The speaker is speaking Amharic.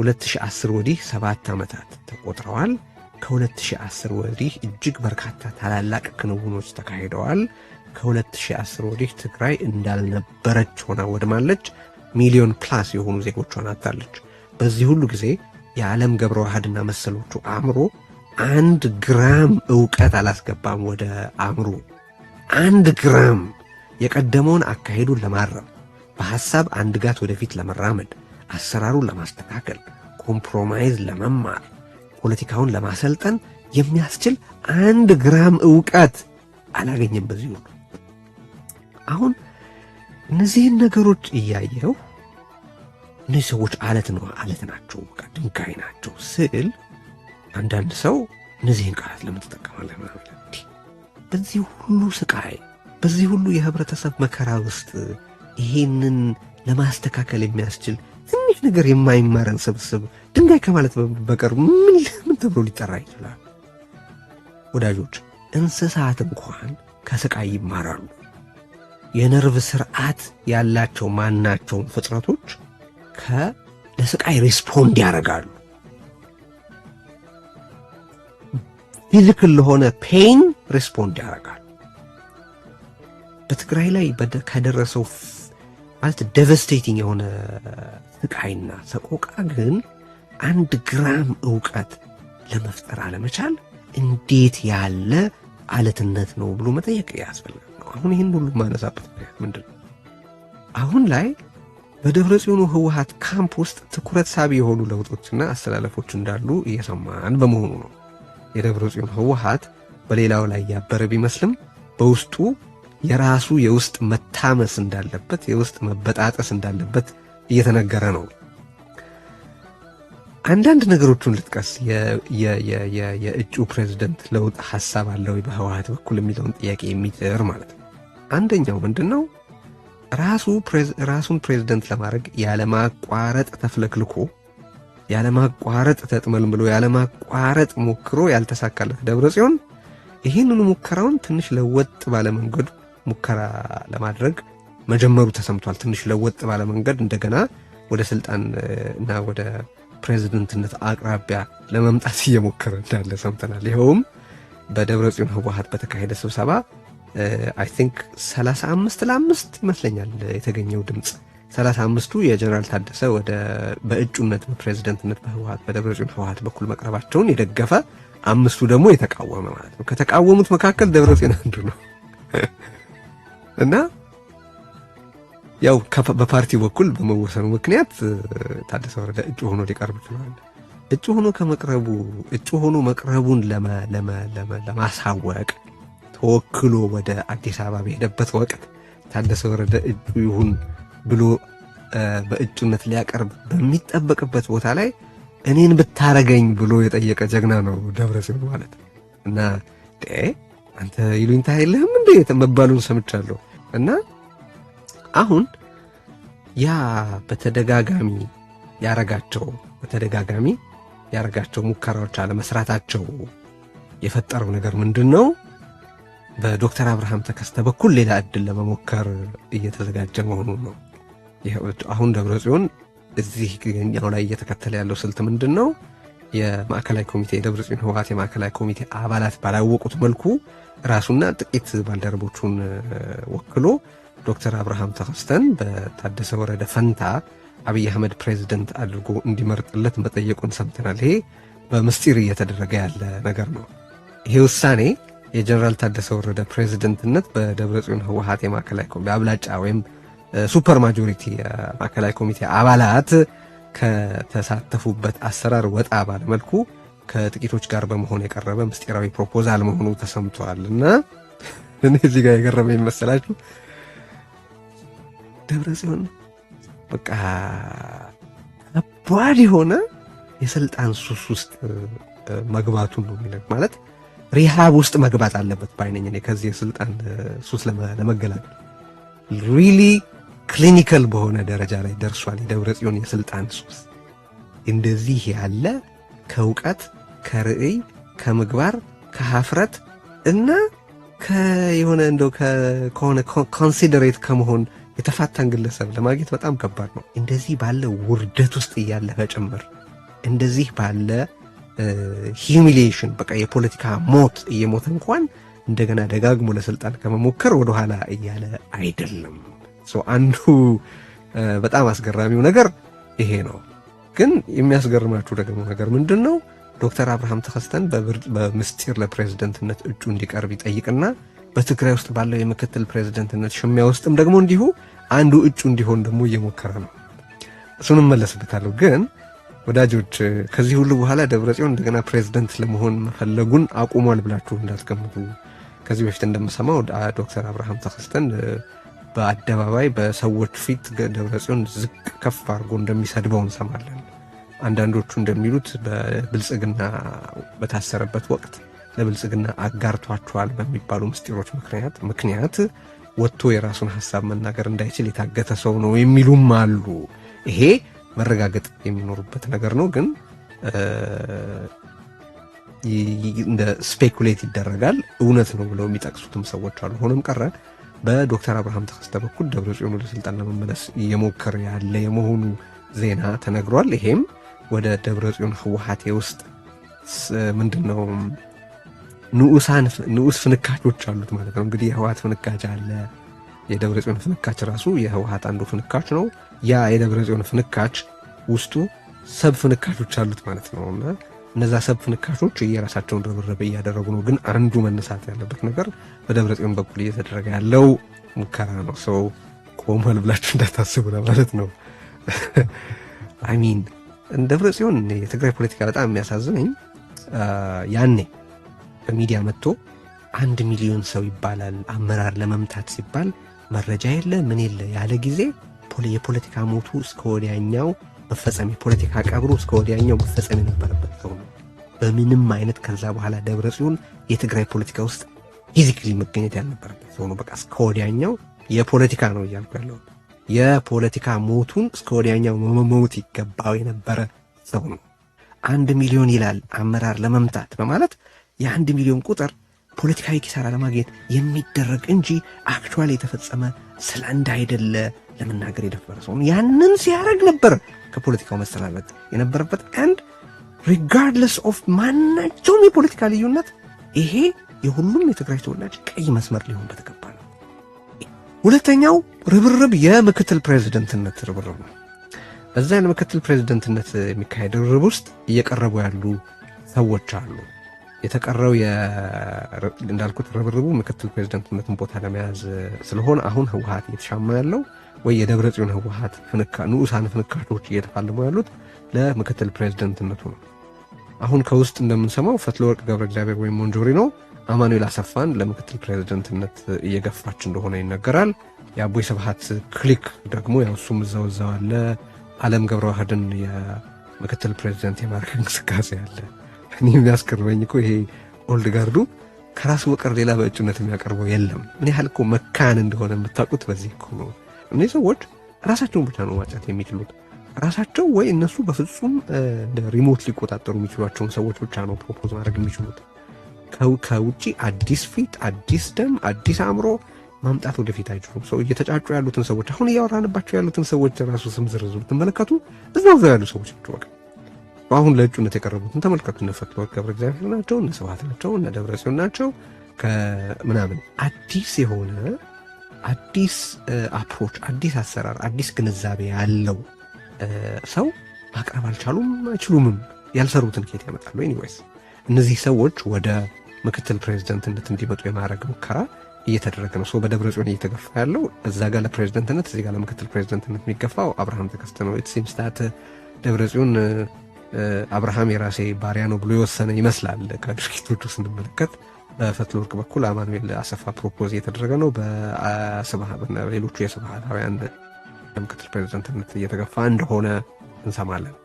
2010 ወዲህ ሰባት ዓመታት ተቆጥረዋል። ከ2010 ወዲህ እጅግ በርካታ ታላላቅ ክንውኖች ተካሂደዋል። ከ2010 ወዲህ ትግራይ እንዳልነበረች ሆና ወድማለች። ሚሊዮን ፕላስ የሆኑ ዜጎቿን አጣለች። በዚህ ሁሉ ጊዜ የዓለም ገብረ ዋህድና መሰሎቹ አእምሮ አንድ ግራም እውቀት አላስገባም ወደ አእምሮ አንድ ግራም የቀደመውን አካሄዱን ለማረም በሐሳብ አንድ ጋት ወደፊት ለመራመድ አሰራሩን ለማስተካከል፣ ኮምፕሮማይዝ ለመማር፣ ፖለቲካውን ለማሰልጠን የሚያስችል አንድ ግራም እውቀት አላገኘም። በዚህ ሁሉ አሁን እነዚህን ነገሮች እያየው እነዚህ ሰዎች አለት ነው አለት ናቸው፣ በቃ ድንጋይ ናቸው ስል አንዳንድ ሰው እነዚህን ቃላት ለምን ትጠቀማለህ? በዚህ ሁሉ ስቃይ፣ በዚህ ሁሉ የህብረተሰብ መከራ ውስጥ ይሄንን ለማስተካከል የሚያስችል አንዳች ነገር የማይማረን ስብስብ ድንጋይ ከማለት በቀር ምን ለምን ተብሎ ሊጠራ ይችላል? ወዳጆች እንስሳት እንኳን ከስቃይ ይማራሉ። የነርቭ ስርዓት ያላቸው ማናቸውም ፍጥረቶች ለስቃይ ሪስፖንድ ያደርጋሉ። ፊዚክል ለሆነ ፔን ሪስፖንድ ያደርጋሉ። በትግራይ ላይ ከደረሰው ማለት ደቨስቴቲንግ የሆነ ስቃይና ሰቆቃ ግን አንድ ግራም እውቀት ለመፍጠር አለመቻል እንዴት ያለ አለትነት ነው ብሎ መጠየቅ ያስፈልጋል። አሁን ይህን ሁሉ ማነሳበት ምክንያት ምንድን ነው? አሁን ላይ በደብረ ጽዮኑ ህወሀት ካምፕ ውስጥ ትኩረት ሳቢ የሆኑ ለውጦችና አስተላለፎች እንዳሉ እየሰማን በመሆኑ ነው። የደብረ ጽዮኑ ህወሀት በሌላው ላይ ያበረ ቢመስልም በውስጡ የራሱ የውስጥ መታመስ እንዳለበት የውስጥ መበጣጠስ እንዳለበት እየተነገረ ነው። አንዳንድ ነገሮቹን ልጥቀስ። የእጩ ፕሬዝደንት ለውጥ ሀሳብ አለ ወይ በኩል የሚለውን ጥያቄ የሚጥር ማለት ነው። አንደኛው ምንድን ነው ራሱን ፕሬዝደንት ለማድረግ ያለማቋረጥ ተፍለክልኮ ያለማቋረጥ ተጥመልምሎ ያለማቋረጥ ሞክሮ ያልተሳካለት ደብረ ጽዮን ይህንኑ ሙከራውን ትንሽ ለወጥ ባለመንገዱ ሙከራ ለማድረግ መጀመሩ ተሰምቷል። ትንሽ ለወጥ ባለ መንገድ እንደገና ወደ ስልጣን እና ወደ ፕሬዚደንትነት አቅራቢያ ለመምጣት እየሞከረ እንዳለ ሰምተናል። ይኸውም በደብረ ጽዮን ህወሀት በተካሄደ ስብሰባ አይ ቲንክ 35 ለአምስት ይመስለኛል የተገኘው ድምፅ 35ቱ የጀኔራል ታደሰ ወደ በእጩነት በፕሬዚደንትነት በህወሀት በደብረ ጽዮን ህወሀት በኩል መቅረባቸውን የደገፈ አምስቱ ደግሞ የተቃወመ ማለት ነው። ከተቃወሙት መካከል ደብረ ጽዮን አንዱ ነው። እና ያው በፓርቲ በኩል በመወሰኑ ምክንያት ታደሰ ወረደ እጩ ሆኖ ሊቀርብ ይችላል። እጩ ሆኖ ከመቅረቡ እጩ ሆኖ መቅረቡን ለማሳወቅ ተወክሎ ወደ አዲስ አበባ በሄደበት ወቅት ታደሰ ወረደ እጩ ይሁን ብሎ በእጩነት ሊያቀርብ በሚጠበቅበት ቦታ ላይ እኔን ብታረገኝ ብሎ የጠየቀ ጀግና ነው ደብረጽዮን ማለት እና አንተ ይሉኝታ የለህም እንዴ መባሉን ሰምቻለሁ። እና አሁን ያ በተደጋጋሚ ያረጋቸው በተደጋጋሚ ያረጋቸው ሙከራዎች አለመስራታቸው የፈጠረው ነገር ምንድን ነው? በዶክተር አብርሃም ተከስተ በኩል ሌላ እድል ለመሞከር እየተዘጋጀ መሆኑን ነው። አሁን ደብረ ጽዮን እዚህ ግንኛው ላይ እየተከተለ ያለው ስልት ምንድን ነው? የማዕከላዊ ኮሚቴ የደብረ ጽዮን ህወሓት የማዕከላዊ ኮሚቴ አባላት ባላወቁት መልኩ ራሱና ጥቂት ባልደረቦቹን ወክሎ ዶክተር አብርሃም ተከስተን በታደሰ ወረደ ፈንታ አብይ አህመድ ፕሬዚደንት አድርጎ እንዲመርጥለት መጠየቁን ሰምተናል። ይሄ በምስጢር እየተደረገ ያለ ነገር ነው። ይሄ ውሳኔ የጀነራል ታደሰ ወረደ ፕሬዚደንትነት በደብረ ጽዮን ህወሀት የማዕከላዊ ኮሚቴ አብላጫ ወይም ሱፐር ማጆሪቲ የማዕከላዊ ኮሚቴ አባላት ከተሳተፉበት አሰራር ወጣ ባለመልኩ ከጥቂቶች ጋር በመሆን የቀረበ ምስጢራዊ ፕሮፖዛል መሆኑ ተሰምቷል እና እዚህ ጋር የቀረበ ይመስላችሁ ደብረ ጽዮን በቃ ከባድ የሆነ የስልጣን ሱስ ውስጥ መግባቱን ነው የሚለው። ማለት ሪሃብ ውስጥ መግባት አለበት ባይነኝ እኔ ከዚህ የስልጣን ሱስ ለመገላገል ሪሊ ክሊኒካል በሆነ ደረጃ ላይ ደርሷል የደብረ ጽዮን የስልጣን ሱስ። እንደዚህ ያለ ከእውቀት ከርዕይ ከምግባር ከሀፍረት እና ከሆነ እንደው ከሆነ ኮንሲደሬት ከመሆን የተፋታን ግለሰብ ለማግኘት በጣም ከባድ ነው። እንደዚህ ባለ ውርደት ውስጥ እያለፈ ጭምር እንደዚህ ባለ ሂዩሚሊዬሽን በቃ የፖለቲካ ሞት እየሞተ እንኳን እንደገና ደጋግሞ ለስልጣን ከመሞከር ወደኋላ እያለ አይደለም። አንዱ በጣም አስገራሚው ነገር ይሄ ነው። ግን የሚያስገርማችሁ ደግሞ ነገር ምንድን ነው? ዶክተር አብርሃም ተከስተን በምስጢር ለፕሬዝደንትነት እጩ እንዲቀርብ ይጠይቅና በትግራይ ውስጥ ባለው የምክትል ፕሬዝደንትነት ሽሚያ ውስጥም ደግሞ እንዲሁ አንዱ እጩ እንዲሆን ደግሞ እየሞከረ ነው። እሱን እመለስበታለሁ። ግን ወዳጆች ከዚህ ሁሉ በኋላ ደብረ ጽዮን እንደገና ፕሬዝደንት ለመሆን መፈለጉን አቁሟል ብላችሁ እንዳትገምቱ። ከዚህ በፊት እንደምሰማው ዶክተር አብርሃም ተከስተን በአደባባይ በሰዎች ፊት ደብረ ጽዮን ዝቅ ከፍ አድርጎ እንደሚሰድበው እንሰማለን። አንዳንዶቹ እንደሚሉት በብልጽግና በታሰረበት ወቅት ለብልጽግና አጋርቷቸዋል በሚባሉ ምስጢሮች ምክንያት ምክንያት ወጥቶ የራሱን ሀሳብ መናገር እንዳይችል የታገተ ሰው ነው የሚሉም አሉ። ይሄ መረጋገጥ የሚኖሩበት ነገር ነው። ግን እንደ ስፔኩሌት ይደረጋል። እውነት ነው ብለው የሚጠቅሱትም ሰዎች አሉ። ሆኖም ቀረ በዶክተር አብርሃም ተከስተ በኩል ደብረ ጽዮን ወደ ስልጣን ለመመለስ እየሞከረ ያለ የመሆኑ ዜና ተነግሯል። ይሄም ወደ ደብረ ጽዮን ህወሓቴ ውስጥ ምንድን ነው ንዑስ ፍንካቾች አሉት ማለት ነው። እንግዲህ የህወሓት ፍንካች አለ። የደብረ ጽዮን ፍንካች ራሱ የህወሓት አንዱ ፍንካች ነው። ያ የደብረ ጽዮን ፍንካች ውስጡ ሰብ ፍንካቾች አሉት ማለት ነው እና እነዛ ሰብ ፍንካቾች የራሳቸውን ርብርብ እያደረጉ ነው። ግን አንዱ መነሳት ያለበት ነገር በደብረ ጽዮን በኩል እየተደረገ ያለው ሙከራ ነው። ሰው ቆሟል ብላችሁ እንዳታስቡ ለማለት ነው። አሚን ፍረ ሲሆን የትግራይ ፖለቲካ በጣም የሚያሳዝነኝ ያኔ በሚዲያ መጥቶ አንድ ሚሊዮን ሰው ይባላል አመራር ለመምታት ሲባል መረጃ የለ ምን የለ ያለ ጊዜ የፖለቲካ ሞቱ እስከ ወዲያኛው መፈጸም የፖለቲካ ቀብሩ እስከ ወዲያኛው መፈጸም የነበረበት ሰው ነው። በምንም አይነት ከዛ በኋላ ደብረ ጽዮን የትግራይ ፖለቲካ ውስጥ ፊዚክሊ መገኘት ያልነበረበት ሰው ነው። በቃ እስከ ወዲያኛው የፖለቲካ ነው እያልኩ ያለው የፖለቲካ ሞቱን እስከ ወዲያኛው መሞት ይገባው የነበረ ሰው ነው። አንድ ሚሊዮን ይላል አመራር ለመምታት በማለት የአንድ ሚሊዮን ቁጥር ፖለቲካዊ ኪሳራ ለማግኘት የሚደረግ እንጂ አክቹዋል የተፈጸመ ስለ እንዳይደለ ለመናገር የደፈረ ሰው ያንን ሲያደርግ ነበር ከፖለቲካው መሰናበት የነበረበት አንድ ሪጋርድለስ ኦፍ ማናቸውም የፖለቲካ ልዩነት ይሄ የሁሉም የትግራይ ተወላጅ ቀይ መስመር ሊሆን በተገባ ነው። ሁለተኛው ርብርብ የምክትል ፕሬዝደንትነት ርብርብ ነው። በዛ ምክትል ፕሬዝደንትነት የሚካሄድ ርብርብ ውስጥ እየቀረቡ ያሉ ሰዎች አሉ። የተቀረው እንዳልኩት ርብርቡ ምክትል ፕሬዝደንትነትን ቦታ ለመያዝ ስለሆነ አሁን ህወሀት እየተሻማ ያለው ወይ የደብረ ጽዮን ህወሀት ንዑሳን ፍንካቶች እየተፋለሙ ያሉት ለምክትል ፕሬዝደንትነቱ ነው። አሁን ከውስጥ እንደምንሰማው ፈትለወርቅ ገብረ እግዚአብሔር ወይም ሞንጆሪኖ ነው አማኑኤል አሰፋን ለምክትል ፕሬዚደንትነት እየገፋች እንደሆነ ይነገራል። የአቦይ ስብሃት ክሊክ ደግሞ ያው እሱም እዛው እዛው አለ። አለም ገብረዋህድን የምክትል ፕሬዚደንት የማድረግ እንቅስቃሴ አለ። እኔ የሚያስገርመኝ እኮ ይሄ ኦልድ ጋርዱ ከራሱ በቀር ሌላ በእጩነት የሚያቀርበው የለም። ምን ያህል እኮ መካን እንደሆነ የምታውቁት በዚህ እኮ ነው። እነዚህ ሰዎች ራሳቸውን ብቻ ነው ማጫት የሚችሉት ራሳቸው ወይ እነሱ በፍጹም ሪሞት ሊቆጣጠሩ የሚችሏቸውን ሰዎች ብቻ ነው ፕሮፖዝ ማድረግ የሚችሉት። ከውጭ አዲስ ፊት፣ አዲስ ደም፣ አዲስ አእምሮ ማምጣት ወደፊት አይችሉም። ሰው እየተጫጩ ያሉትን ሰዎች አሁን እያወራንባቸው ያሉትን ሰዎች ራሱ ስም ዝርዝሩ ትመለከቱ እዛው ዛ ያሉ ሰዎች ናቸው። በቃ አሁን ለእጩነት የቀረቡትን ተመልከቱ። እነ ፈትለወርቅ ገብረ እግዚአብሔር ናቸው፣ እነ ስብሐት ናቸው፣ እነ ደብረጽዮን ናቸው ከምናምን አዲስ የሆነ አዲስ አፕሮች፣ አዲስ አሰራር፣ አዲስ ግንዛቤ ያለው ሰው ማቅረብ አልቻሉም፣ አይችሉምም። ያልሰሩትን ኬት ያመጣሉ። ኤኒዌይስ እነዚህ ሰዎች ወደ ምክትል ፕሬዚደንትነት እንዲመጡ የማድረግ ሙከራ እየተደረገ ነው። በደብረ ጽዮን እየተገፋ ያለው እዛ ጋር ለፕሬዚደንትነት፣ እዚህ ጋር ለምክትል ፕሬዚደንትነት የሚገፋው አብርሃም ተከስተ ነው። ኢትሲምስ ደብረ ጽዮን አብርሃም የራሴ ባሪያ ነው ብሎ የወሰነ ይመስላል። ከድርጊቶቹ ስንመለከት ወርቅ በኩል አማኑኤል አሰፋ ፕሮፖዝ እየተደረገ ነው። በሌሎቹ የስብሃታውያን ምክትል ፕሬዚደንትነት እየተገፋ እንደሆነ እንሰማለን።